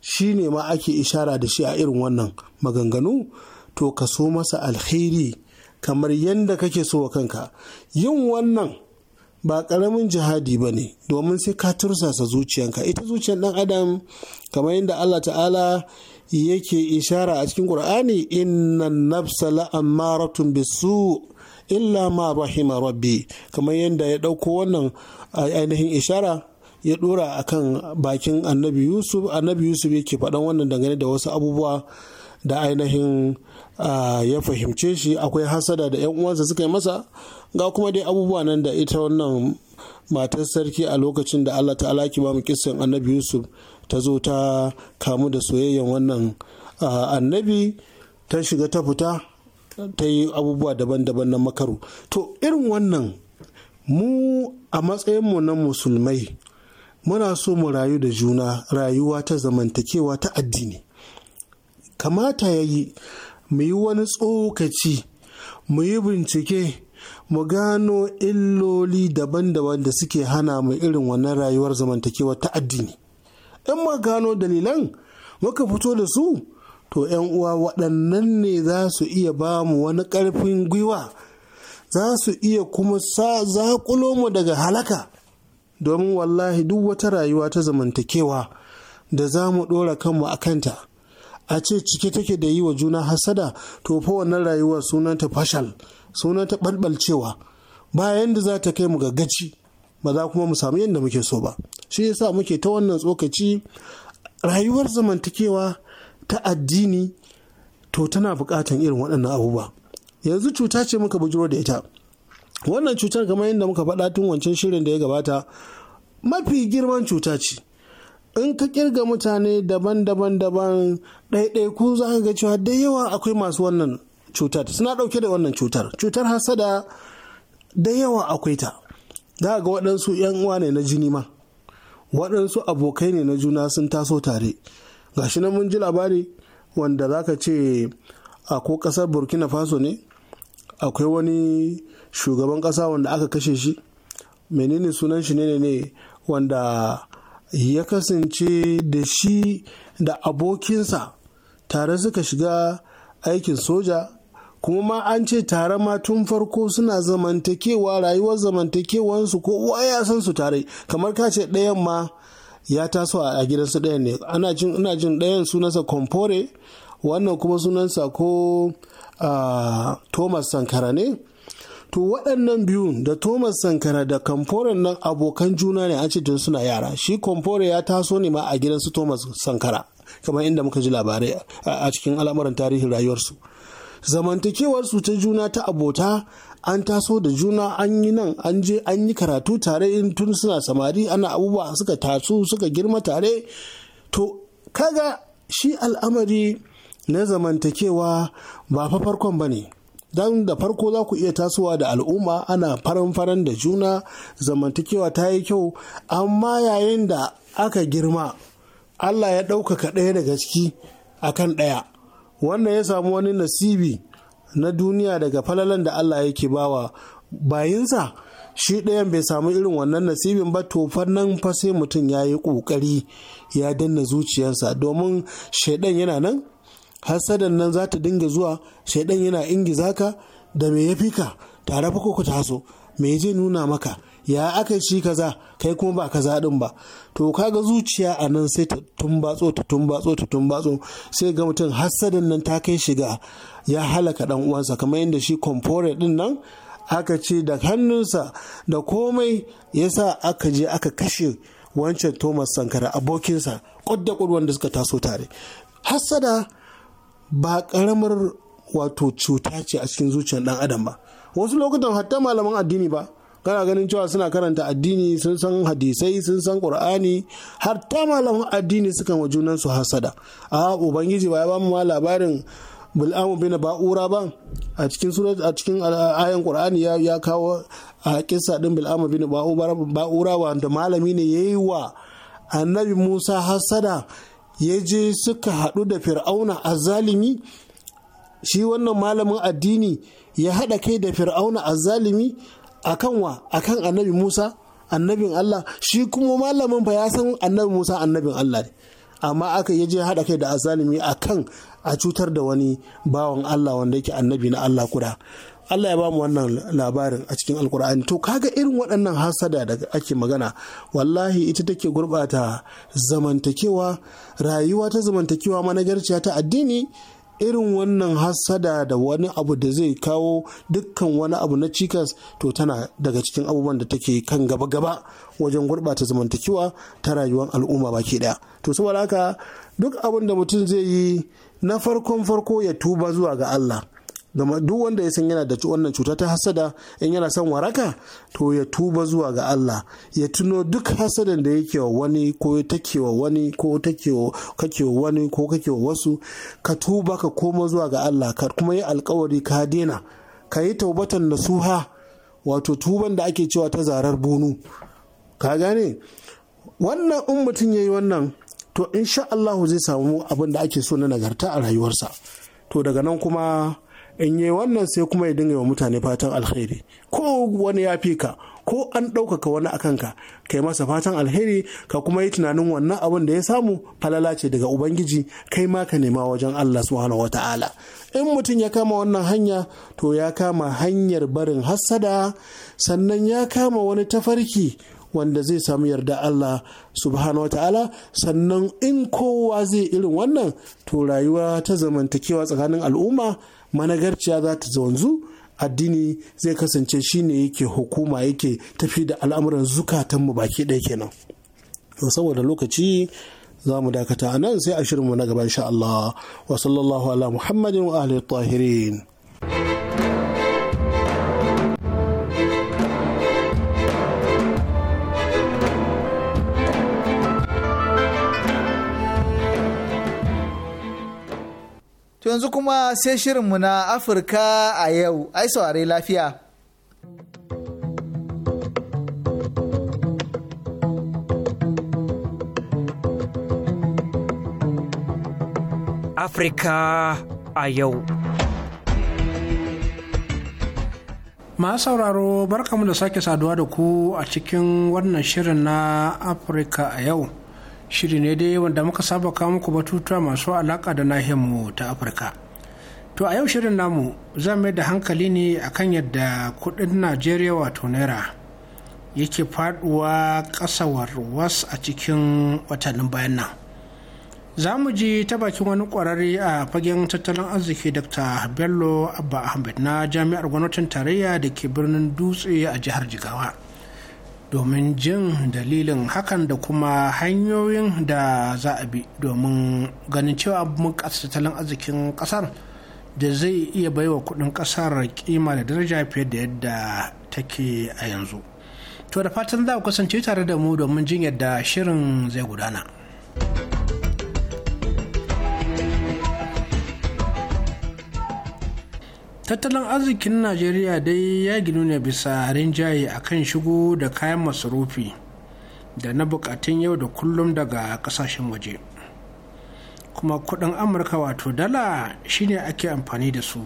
S10: shi ne ma ake ishara da shi a irin wannan maganganu to ka so masa alheri kamar yadda kake so wa kanka yin wannan ba karamin jihadi ba ne domin sai ka tursasa zuciyanka ita zuciyar dan adam kamar yadda Allah ta'ala yake ishara a cikin qur'ani inna nafsa la'ammaratun bisu illa ma rahima rabbi kamar yadda ya dauko wannan ainihin ishara ya dora akan bakin annabi yusuf annabi yusuf yake faɗan wannan dangane da wasu abubuwa da ainihin ya fahimce shi akwai hasada da 'yan uwansa suka yi masa ga kuma dai abubuwa nan da ita wannan matar sarki a lokacin da allah ta'ala ki ba mu kissan annabi yusuf ta zo ta kamu da soyayyen wannan ah, annabi ta shiga ta fita ta yi abubuwa daban-daban na makaru to irin wannan mu a matsayinmu na musulmai muna so mu rayu da juna rayuwa ta zamantakewa ta addini kamata ya yi mu yi wani tsokaci mu yi bincike mu gano illoli daban-daban da suke hana mu irin wannan rayuwar zamantakewa ta addini in muka gano dalilan muka fito da su to 'yan uwa waɗannan ne za su iya ba mu wani ƙarfin gwiwa za su iya kuma sa zaƙulo mu daga halaka domin wallahi duk wata rayuwa ta zamantakewa da za mu ɗora kanmu a kanta a ce cike take da yi wa juna hasada to fa wannan rayuwar sunanta fashal sunanta ɓalɓalcewa bayan da za ta kai mu ga gaci ba za kuma mu samu yadda muke so ba shi yasa muke ta wannan tsokaci rayuwar zamantakewa ta addini to tana buƙatan irin waɗannan abubuwa yanzu cuta ce muka bujiro da ita wannan cutar kamar yadda muka faɗa tun wancan shirin da ya gabata mafi girman cuta ce in ka kirga mutane daban-daban daban ɗaiɗaiku za ka ga cewa da yawa akwai masu wannan cutar suna ɗauke da wannan cutar cutar hasada da yawa akwai ta za ga waɗansu 'yan uwa ne na jini ma waɗansu abokai ne na juna sun taso tare gashi nan mun ji labari wanda za ka ce a ko ƙasar burkina faso ne akwai wani shugaban ƙasa wanda aka kashe shi menene sunan shi ne ne wanda ya kasance da shi da abokinsa tare suka shiga aikin soja kuma ma an ce tare ma tun farko suna zamantakewa rayuwar zamantakewansu ko uwa ya san su tare kamar ka ce ɗayan ma ya taso a gidansu ɗayan ne ana jin ina jin ɗayan sunansa kompore wannan kuma sunansa ko thomas sankara ne to waɗannan biyu da thomas sankara da kamfore nan abokan juna ne an ce tun suna yara shi komfore ya taso ne ma a gidansu thomas sankara kamar inda muka ji labarai a cikin al'amuran tarihin rayuwarsu zamantakewarsu ta juna ta abota an taso da juna an yi nan an je an yi karatu tare in tun suna samari ana abubuwa suka taso suka girma tare to kaga shi al'amari na zamantakewa ba fa farkon ba ne don da farko za ku iya tasowa da al'umma ana faran-faran da juna zamantakewa ta yi kyau amma yayin da aka girma allah ya ɗaukaka ɗaya daga ciki akan ɗaya wannan ya samu wani nasibi na duniya daga falalan da Allah yake bawa bayinsa shi ɗayan bai samu irin wannan nasibin ba to nan fa sai mutum ya yi ƙoƙari ya danna zuciyarsa domin shaidan yana nan hasadan nan za ta dinga zuwa shaidan yana ingiza ka da me ya fi ka tare fa ku taso me zai nuna maka ya aka shi kaza kai kuma ba kaza din ba to kaga zuciya a nan sai ta tumbatso ta tumbatso ta tumbatso sai ga mutum hassadin nan ta kai shiga ya halaka dan uwansa kamar yadda shi komfore din nan aka ce da hannunsa da komai ya sa aka je aka kashe wancan thomas sankara abokinsa kudda wanda suka taso tare hassada ba karamar wato cuta ce a cikin zuciyar dan adam ba wasu lokutan hatta malaman addini ba kana ganin cewa suna karanta addini sun san hadisai sun san qur'ani har ta malamin addini suka wa junan su hasada a ubangiji ba ya bamu ma labarin bil'amu bin ba'ura ba a cikin surat a cikin ayan qur'ani ya kawo a kissa din bil'amu bin ba'ura wanda malami ne yayi wa annabi Musa hasada ya je suka haɗu da fir'auna a shi wannan malamin addini ya haɗa kai da fir'auna a akan wa akan annabi Musa annabin Allah shi kuma malamin ba ya san annabi Musa annabin Allah ne amma aka yi je haɗa kai da azalimi a kan a cutar da wani bawan Allah wanda yake annabi na Allah kuda Allah ya ba mu wannan labarin a cikin alkur'ani to kaga irin waɗannan hasada da ake magana wallahi ita take gurɓata zamantakewa rayuwa ta zamantakewa managarciya ta addini irin wannan hassada da wani abu da zai kawo dukkan wani abu na cikas to tana daga cikin abubuwan da take kan gaba-gaba wajen gurɓata zamantakewa ta rayuwar al'umma baki ɗaya to saboda haka duk abin da mutum zai yi na farkon farko ya tuba zuwa ga Allah zama duk wanda ya san yana da wannan cuta ta hasada in yana son waraka to ya tuba zuwa ga Allah ya tuno duk hasadan da yake wa wani ko take wa wani ko take kake wa wani ko kake wa wasu ka tuba ka koma zuwa ga Allah ka kuma yi alkawari ka dena ka yi taubatan nasuha wato tuban da ake cewa ta zarar bunu ka gane wannan in mutum ya yi wannan to insha Allahu zai samu abin da ake so na nagarta a rayuwarsa to daga nan kuma in yi wannan sai kuma ya dinga wa mutane fatan alheri ko wani ya fi ka ko an ɗaukaka wani akan ka kai masa fatan alheri ka kuma yi tunanin wannan abin da ya samu falala ce daga ubangiji kai ma ka nema wajen allah subhanahu wata'ala in mutum ya kama wannan hanya to ya kama hanyar barin hassada sannan ya kama wani tafarki wanda zai samu yarda Allah subhanahu wa ta'ala sannan in kowa zai irin wannan to rayuwa ta zamantakewa tsakanin al'umma managarciya za ta wanzu addini zai kasance shine yake hukuma yake tafi da al'amuran zukatanmu baki ɗaya kenan saboda lokaci za mu dakata a nan sai a shirinmu na gaba insha Allah wa sallallahu ala muhammadin wa ahli tahirin
S2: yanzu kuma sai shirin mu na Afirka a yau, ai saurare lafiya.
S7: Afirka a yau.
S5: Ma sauraro barkamu da sake saduwa da ku a cikin wannan shirin na Afirka a yau. shiri ne dai wanda muka saba kawo muku batutuwa masu alaka da nahiyarmu ta afirka to a yau shirin namu za mai da hankali ne akan yadda kudin najeriya wato naira yake faduwa kasawar was a cikin watannin bayan nan za mu ji ta bakin wani kwararre a fagen tattalin arziki dr bello abba ahmed na jami'ar gwamnatin tarayya da ke birnin dutse a jihar jigawa domin jin dalilin hakan da kuma hanyoyin da za a bi domin ganin cewa mun tattalin arzikin ƙasar da zai iya baiwa kudin ƙasar kima da daraja fiye da yadda take a yanzu to da fatan za ku kasance tare da mu domin jin yadda shirin zai gudana. tattalin arzikin najeriya dai ya ginu ne bisa rinjaye a kan shigo da kayan masarufi da na bukatun yau da kullum daga kasashen waje kuma kudin amurka wato dala shine ake amfani da su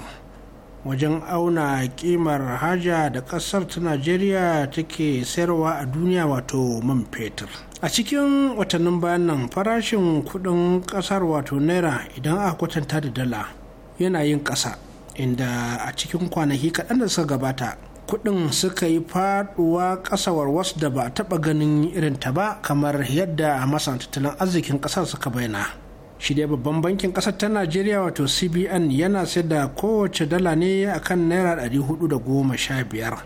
S5: wajen auna kimar haja da kasar ta najeriya take sayarwa a duniya wato man fetur a cikin watannin bayan nan farashin kudin kasar wato naira idan aka kwatanta da dala yana yin kasa inda a cikin kwanaki kaɗan da suka gabata kuɗin suka yi faɗuwa ƙasawar wasu da ba taɓa ganin irin ta ba kamar yadda masan tattalin arzikin ƙasar suka bayyana shi dai babban bankin ƙasar ta najeriya wato cbn yana sayar da kowace dala ne akan naira ɗari da goma sha hudu biyar,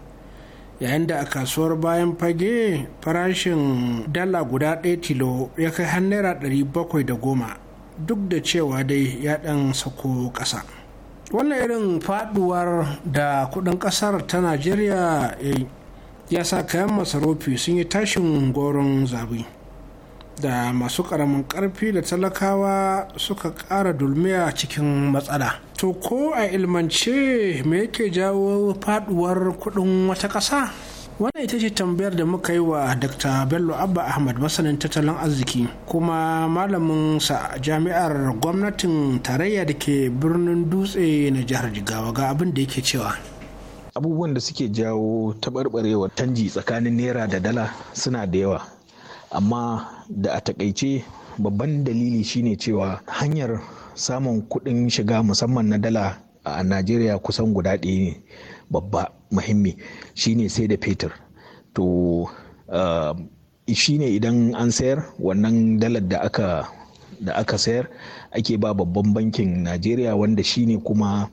S5: yayin da a kasuwar bayan fage farashin dala guda ɗaya tilo ya kai har naira ɗari bakwai da goma duk da cewa dai ya ɗan sako ƙasa wannan irin faduwar da kudin kasar ta najeriya eh, ya sa kayan masarufi sun yi tashin goron zabi da masu karamin karfi da talakawa suka kara dulmiya cikin matsala to ko a ilmance me yake jawo faduwar kudin wata kasa wannan ita ce tambayar da muka yi wa dr bello abba ahmad masanin tattalin arziki kuma malamin sa jami'ar gwamnatin tarayya da ke birnin dutse na jihar jigawa ga abin da yake
S13: cewa abubuwan da suke jawo taɓarɓarewar canji tsakanin naira da dala suna da yawa amma da a takaice babban dalili shine cewa hanyar samun kuɗin shiga musamman na dala a najeriya kusan guda ɗaya ne babba muhimmi shine sai da fetur to um, shine idan an sayar wannan dalar da aka da aka sayar ake ba babban bankin najeriya wanda shine kuma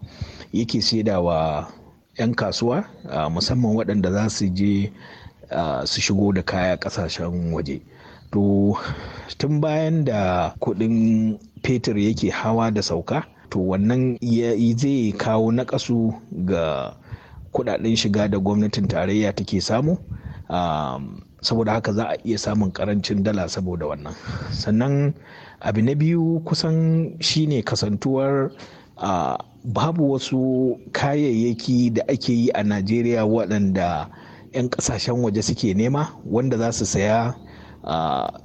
S13: yake saidawa 'yan kasuwa musamman waɗanda za su je su shigo da kaya ƙasashen waje to tun bayan da kuɗin fetur yake hawa da sauka to wannan zai kawo naƙasu ga kudaden shiga da gwamnatin tarayya take samu um, saboda haka za a iya samun karancin dala saboda wannan sannan abu na biyu kusan shine kasantuwar babu wasu kayayyaki da ake yi a najeriya waɗanda 'yan ƙasashen waje suke nema wanda za su saya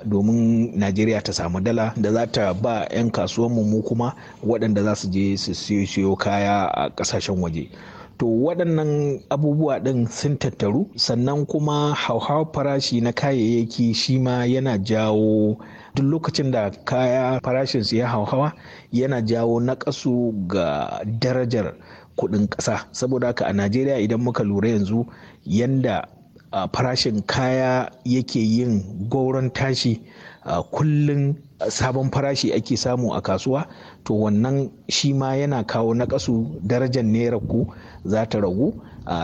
S13: domin najeriya ta samu dala da za ta ba 'yan kasuwanmu mu kuma waɗanda za su je su siyo kaya a ƙasashen waje to waɗannan abubuwa ɗin sun tattaru sannan kuma hauhawar farashi na kayayyaki shi ma yana jawo duk lokacin da kaya farashinsu ya hauhawa yana jawo naƙasu ga darajar kuɗin ƙasa saboda haka a najeriya idan muka lura yanzu yanda farashin kaya yake yin goron tashi kullum sabon farashi ake samu a kasuwa to wannan shi ma yana kawo nakasu darajar naira ku za ta ragu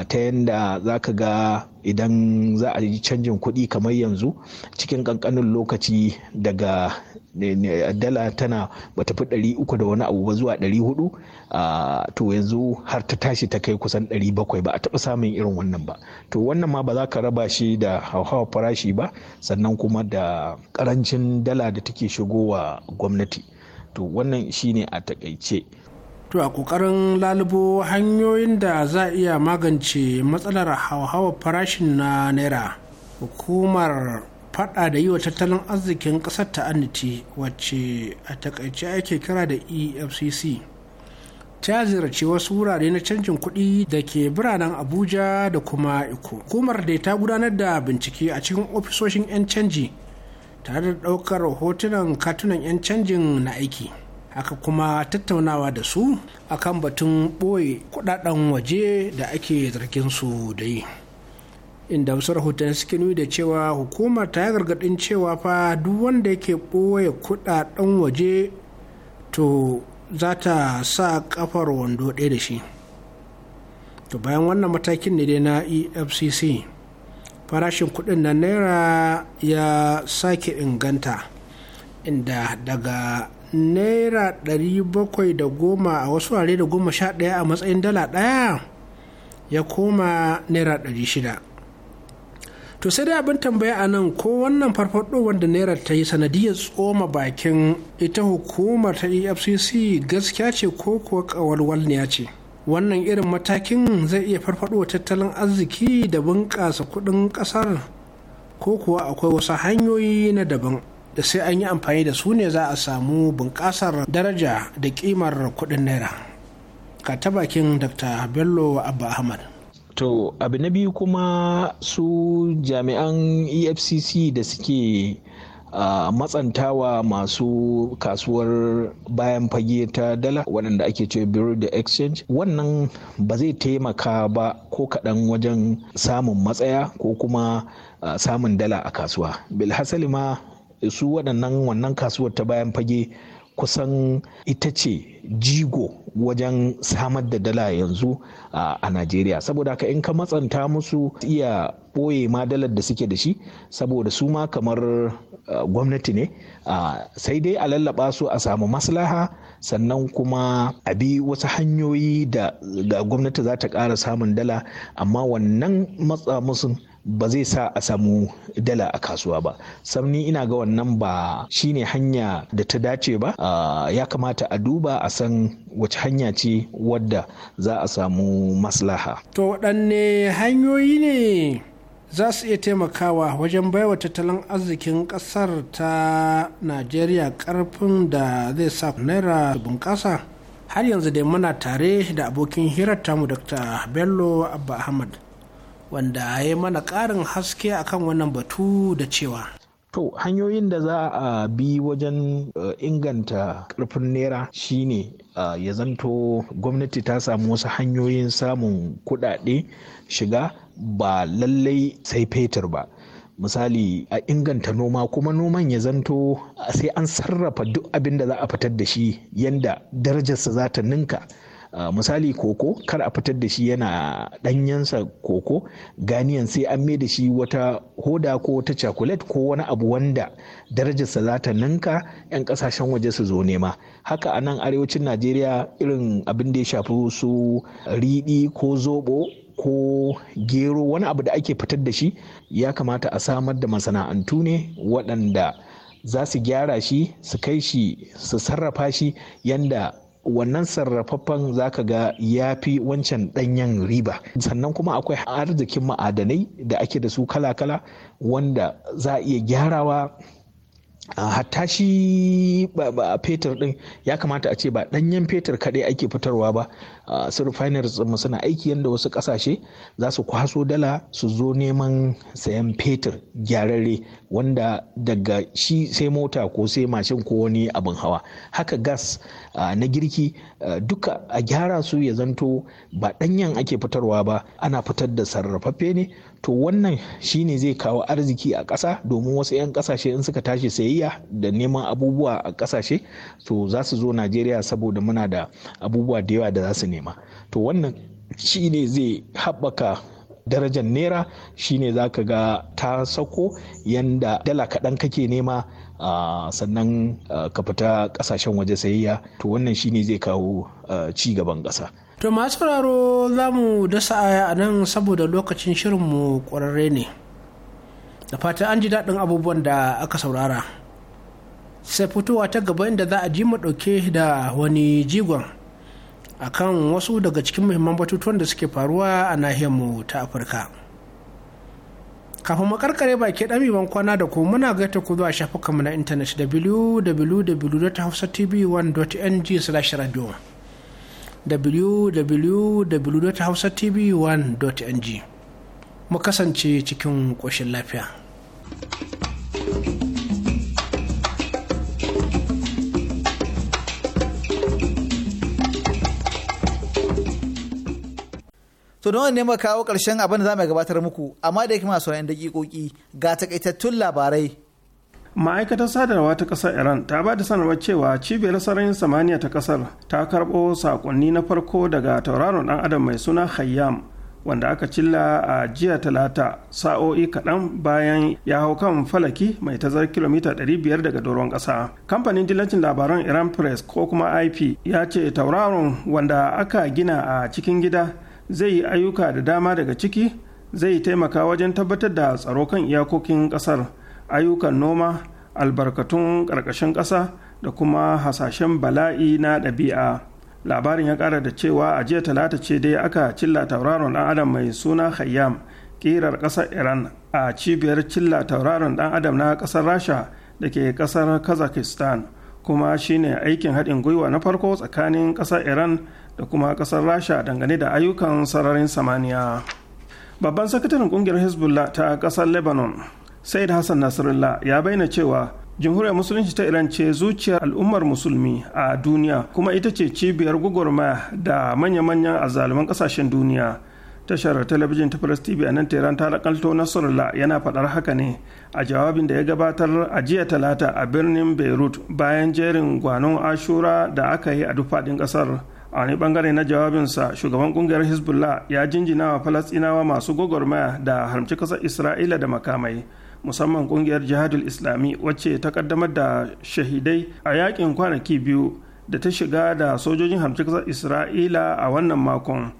S13: ta yadda za ka ga idan za a yi canjin kuɗi kamar yanzu cikin ƙanƙanin lokaci daga dala tana bata fi ɗari uku da wani abu ba zuwa ɗari hudu to yanzu har ta tashi ta kai kusan ɗari bakwai ba a taɓa samun irin wannan ba to wannan ma ba za ka raba shi da hauhawar farashi ba sannan kuma da ƙarancin dala da take shigowa gwamnati to wannan shi ne a takaice to a kokarin lalubo hanyoyin da za a iya magance
S5: matsalar hauhawar farashin na naira hukumar Faɗa da yi wa tattalin arzikin ƙasar ta anniti wacce a takaice ake kira da efcc ta ziyarci wasu wurare na canjin kuɗi da ke biranen abuja da kuma iko hukumar da ta gudanar da bincike a cikin ofisoshin 'yan canji tare da ɗaukar hotunan katunan 'yan canjin na aiki haka kuma tattaunawa da su akan batun ɓoye kuɗaɗen waje da ake zargin su da yi inda wasu rahoton suke nuni da cewa hukumar ta gargadin cewa fa duk wanda yake ɓoye kuɗaɗen waje to za ta sa kafar wando ɗaya da shi to bayan wannan matakin ne dai na efcc farashin kuɗin na naira ya sake inganta inda daga naira 710 a wasu ware da 11 a matsayin dala ɗaya ya koma naira 600 to sai dai abin tambaya a nan ko wannan farfaɗo wanda naira ta yi sanadiyar tsoma bakin ita hukumar ta efcc gaskiya ce ko kuwa ƙawalwalniya ce wannan irin matakin zai iya farfaɗo wa tattalin arziki da bunƙasa kuɗin ƙasar ko kuwa akwai wasu hanyoyi na daban da sai an yi amfani da su ne za a samu bunƙasar daraja da
S13: ƙimar kuɗin naira ka ta bakin dr bello abba ahmad to abu na biyu kuma su jami'an efcc da suke Uh, matsantawa masu kasuwar bayan fage ta dala waɗanda ake ce bureau da exchange wannan ba zai taimaka ba ko kaɗan wajen samun matsaya ko kuma uh, samun dala a kasuwa bilhassali ma su waɗannan wannan kasuwar ta bayan fage kusan ita ce jigo wajen samar da dala yanzu a najeriya saboda ka in ka matsanta musu iya ɓoye ma dalar da suke da shi saboda su ma kamar gwamnati ne sai dai a lallaba su a samu maslaha sannan kuma a bi wasu hanyoyi da gwamnati za ta ƙara samun dala amma wannan matsa musu. ba zai sa a samu dala a kasuwa ba sam ina ga wannan ba shine hanya da ta dace ba ya kamata a duba a san wace hanya ce wadda za a samu maslaha to waɗanne
S5: hanyoyi ne za su iya taimakawa wajen baiwa tattalin arzikin ƙasar ta najeriya ƙarfin da zai sa naira bunƙasa har yanzu dai muna tare da abokin hirar tamu dr bello abba ahmad
S13: wanda ya mana ƙarin haske akan wannan batu da cewa To hanyoyin da za a bi wajen eh, inganta ƙarfin nera shine eh, ya zanto gwamnati ta samu wasu hanyoyin samun kuɗaɗe shiga ba lallai sai fetur ba. misali a inganta noma kuma noman ya zanto eh, sai an sarrafa duk abin da za a fitar da shi yadda darajarsa za ta ninka misali koko kar a fitar da shi yana ɗanyensa koko ganiyan sai an mai da shi wata hoda ko wata cakulet ko wani abu wanda darajarsa za ta ninka 'yan ƙasashen waje su zo nema haka a nan arewacin najeriya irin abin da ya shafi su riɗi ko zobo ko gero wani abu da ake fitar da shi ya kamata a samar da masana'antu ne waɗanda za su gyara shi su kai shi su sarrafa shi yanda wannan sarrafaffen ka ga ya fi wancan ɗanyen riba sannan kuma akwai arzikin ma'adanai da ake da su kala-kala wanda za a iya gyarawa hatta shi fetur din ya kamata a ce ba danyen fetur kaɗai ake fitarwa ba su refineries mu suna aiki yadda wasu ƙasashe za su kwaso dala su zo neman sayan fetur gyararre wanda daga shi sai mota ko sai mashin ko wani abin hawa haka gas na girki duka a gyara su ya zanto ba danyen ake fitarwa ba ana fitar da sarrafaffe ne to wannan shine zai kawo arziki a ƙasa domin wasu 'yan ƙasashe in suka tashi sayayya da neman abubuwa a ƙasashe to za su zo najeriya saboda muna da abubuwa da yawa da za su nema to wannan shine zai haɓaka darajar shi shine za ka ga ta sako yanda dala kaɗan kake nema a sannan ka fita ƙasashen waje sayayya to wannan shine zai kawo ci gaban ƙasa
S5: To masu sauraro za mu dasa aya a nan saboda lokacin shirinmu ƙwararre ne. Da fatan an ji daɗin abubuwan da aka saurara. Sai fitowa ta gaba inda za a ji mu ɗauke da wani jigon a kan wasu daga cikin muhimman batutuwan da suke faruwa a nahiyarmu ta Afirka. Kafin makarkare baki ɗami ban kwana da ku muna gaita ku zuwa shafukanmu na intanet www.hausatv1.ng/radio. www.hausatv1.ng mu kasance cikin ƙoshin lafiya.
S2: to don ne kawo ƙarshen abin da za mu gabatar muku amma da yake masu wayan dakikoki ga takaitattun labarai
S4: ma'aikatar sadarwa ta ƙasar iran ta ba da sanarwar cewa cibiyar sararin samaniya ta ƙasar ta karɓo saƙonni na farko daga tauraron ɗan adam mai suna hayyam wanda aka cilla a jiya talata sa'o'i kaɗan bayan ya hau kan falaki mai tazar kilomita 500 daga doron ƙasa kamfanin dilancin labaran iran press ko kuma ip ya ce tauraron wanda aka gina a cikin gida zai yi ayyuka da dama daga ciki zai taimaka wajen tabbatar da tsaro kan iyakokin ƙasar ayyukan noma albarkatun ƙarƙashin ƙasa da kuma hasashen bala'i na ɗabi'a labarin ya ƙara da cewa a jiya talata ce dai aka cilla tauraron ɗan adam mai suna khayyam ƙirar ƙasar iran a cibiyar cilla tauraron ɗan adam na ƙasar rasha da ke ƙasar kazakhstan kuma shine aikin haɗin gwiwa na farko tsakanin ƙasar iran da kuma ƙasar rasha dangane da ayyukan sararin samaniya babban sakataren ƙungiyar hezbollah ta ƙasar lebanon said hassan nasrallah ya bayyana cewa jamhuriyar musulunci ta iran ce zuciyar al'ummar musulmi a duniya kuma ita ce cibiyar gwagwarmaya da manya-manyan azzaluman kasashen duniya tashar talabijin ta press tv a nan tehran ta lakalto nasrallah yana faɗar haka ne a jawabin da ya gabatar a jiya talata a birnin beirut bayan jerin gwanon ashura da aka yi a duk faɗin ƙasar a wani bangare na jawabinsa shugaban ƙungiyar hezbollah ya jinjina wa falasɗinawa masu gwagwarmaya da haramci ƙasar isra'ila da makamai musamman kungiyar jihadul islami wacce ta kaddamar da shahidai a yakin kwanaki biyu da ta shiga da sojojin hamsin isra'ila a wannan makon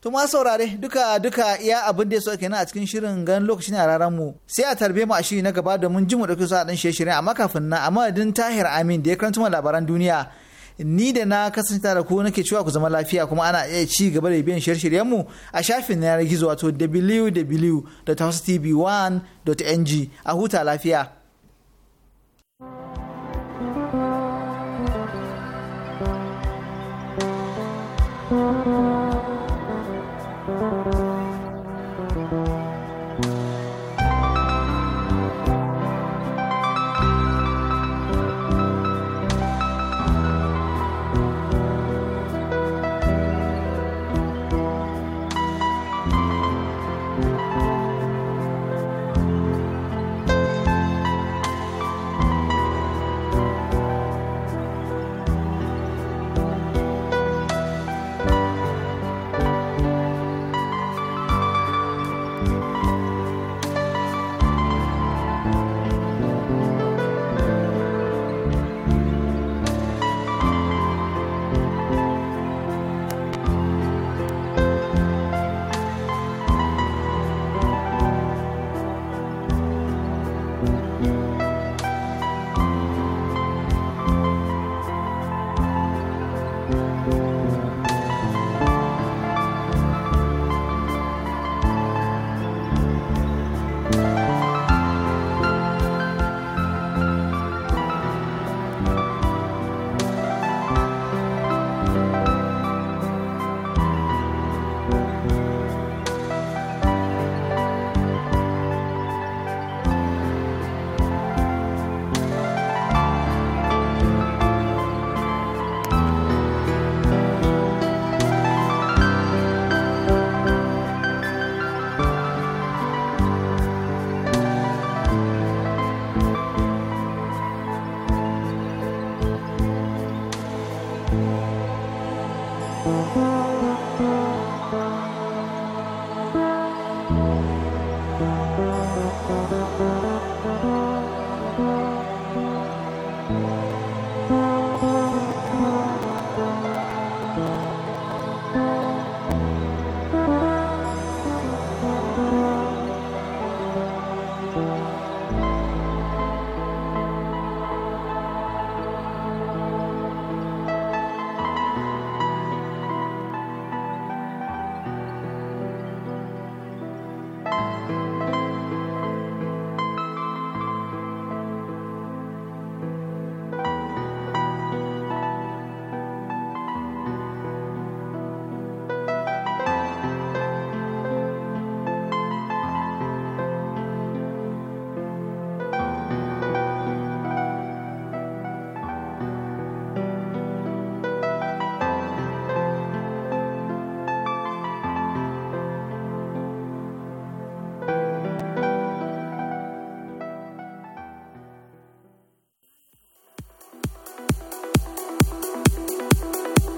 S2: to ma saurare duka duka iya abin da ya so kenan a cikin shirin gan lokacin a mu sai a tarbe mu a shiri na gaba domin jin mu dauki su a dan shirye-shirye amma kafin na a madadin tahir amin da ya karanta labaran duniya ni da na kasance tare ku nake cewa ku zama lafiya kuma ana iya ci gaba da biyan shirye-shiryen mu a shafin na yanar gizo wato wwwtv 1ng a huta lafiya.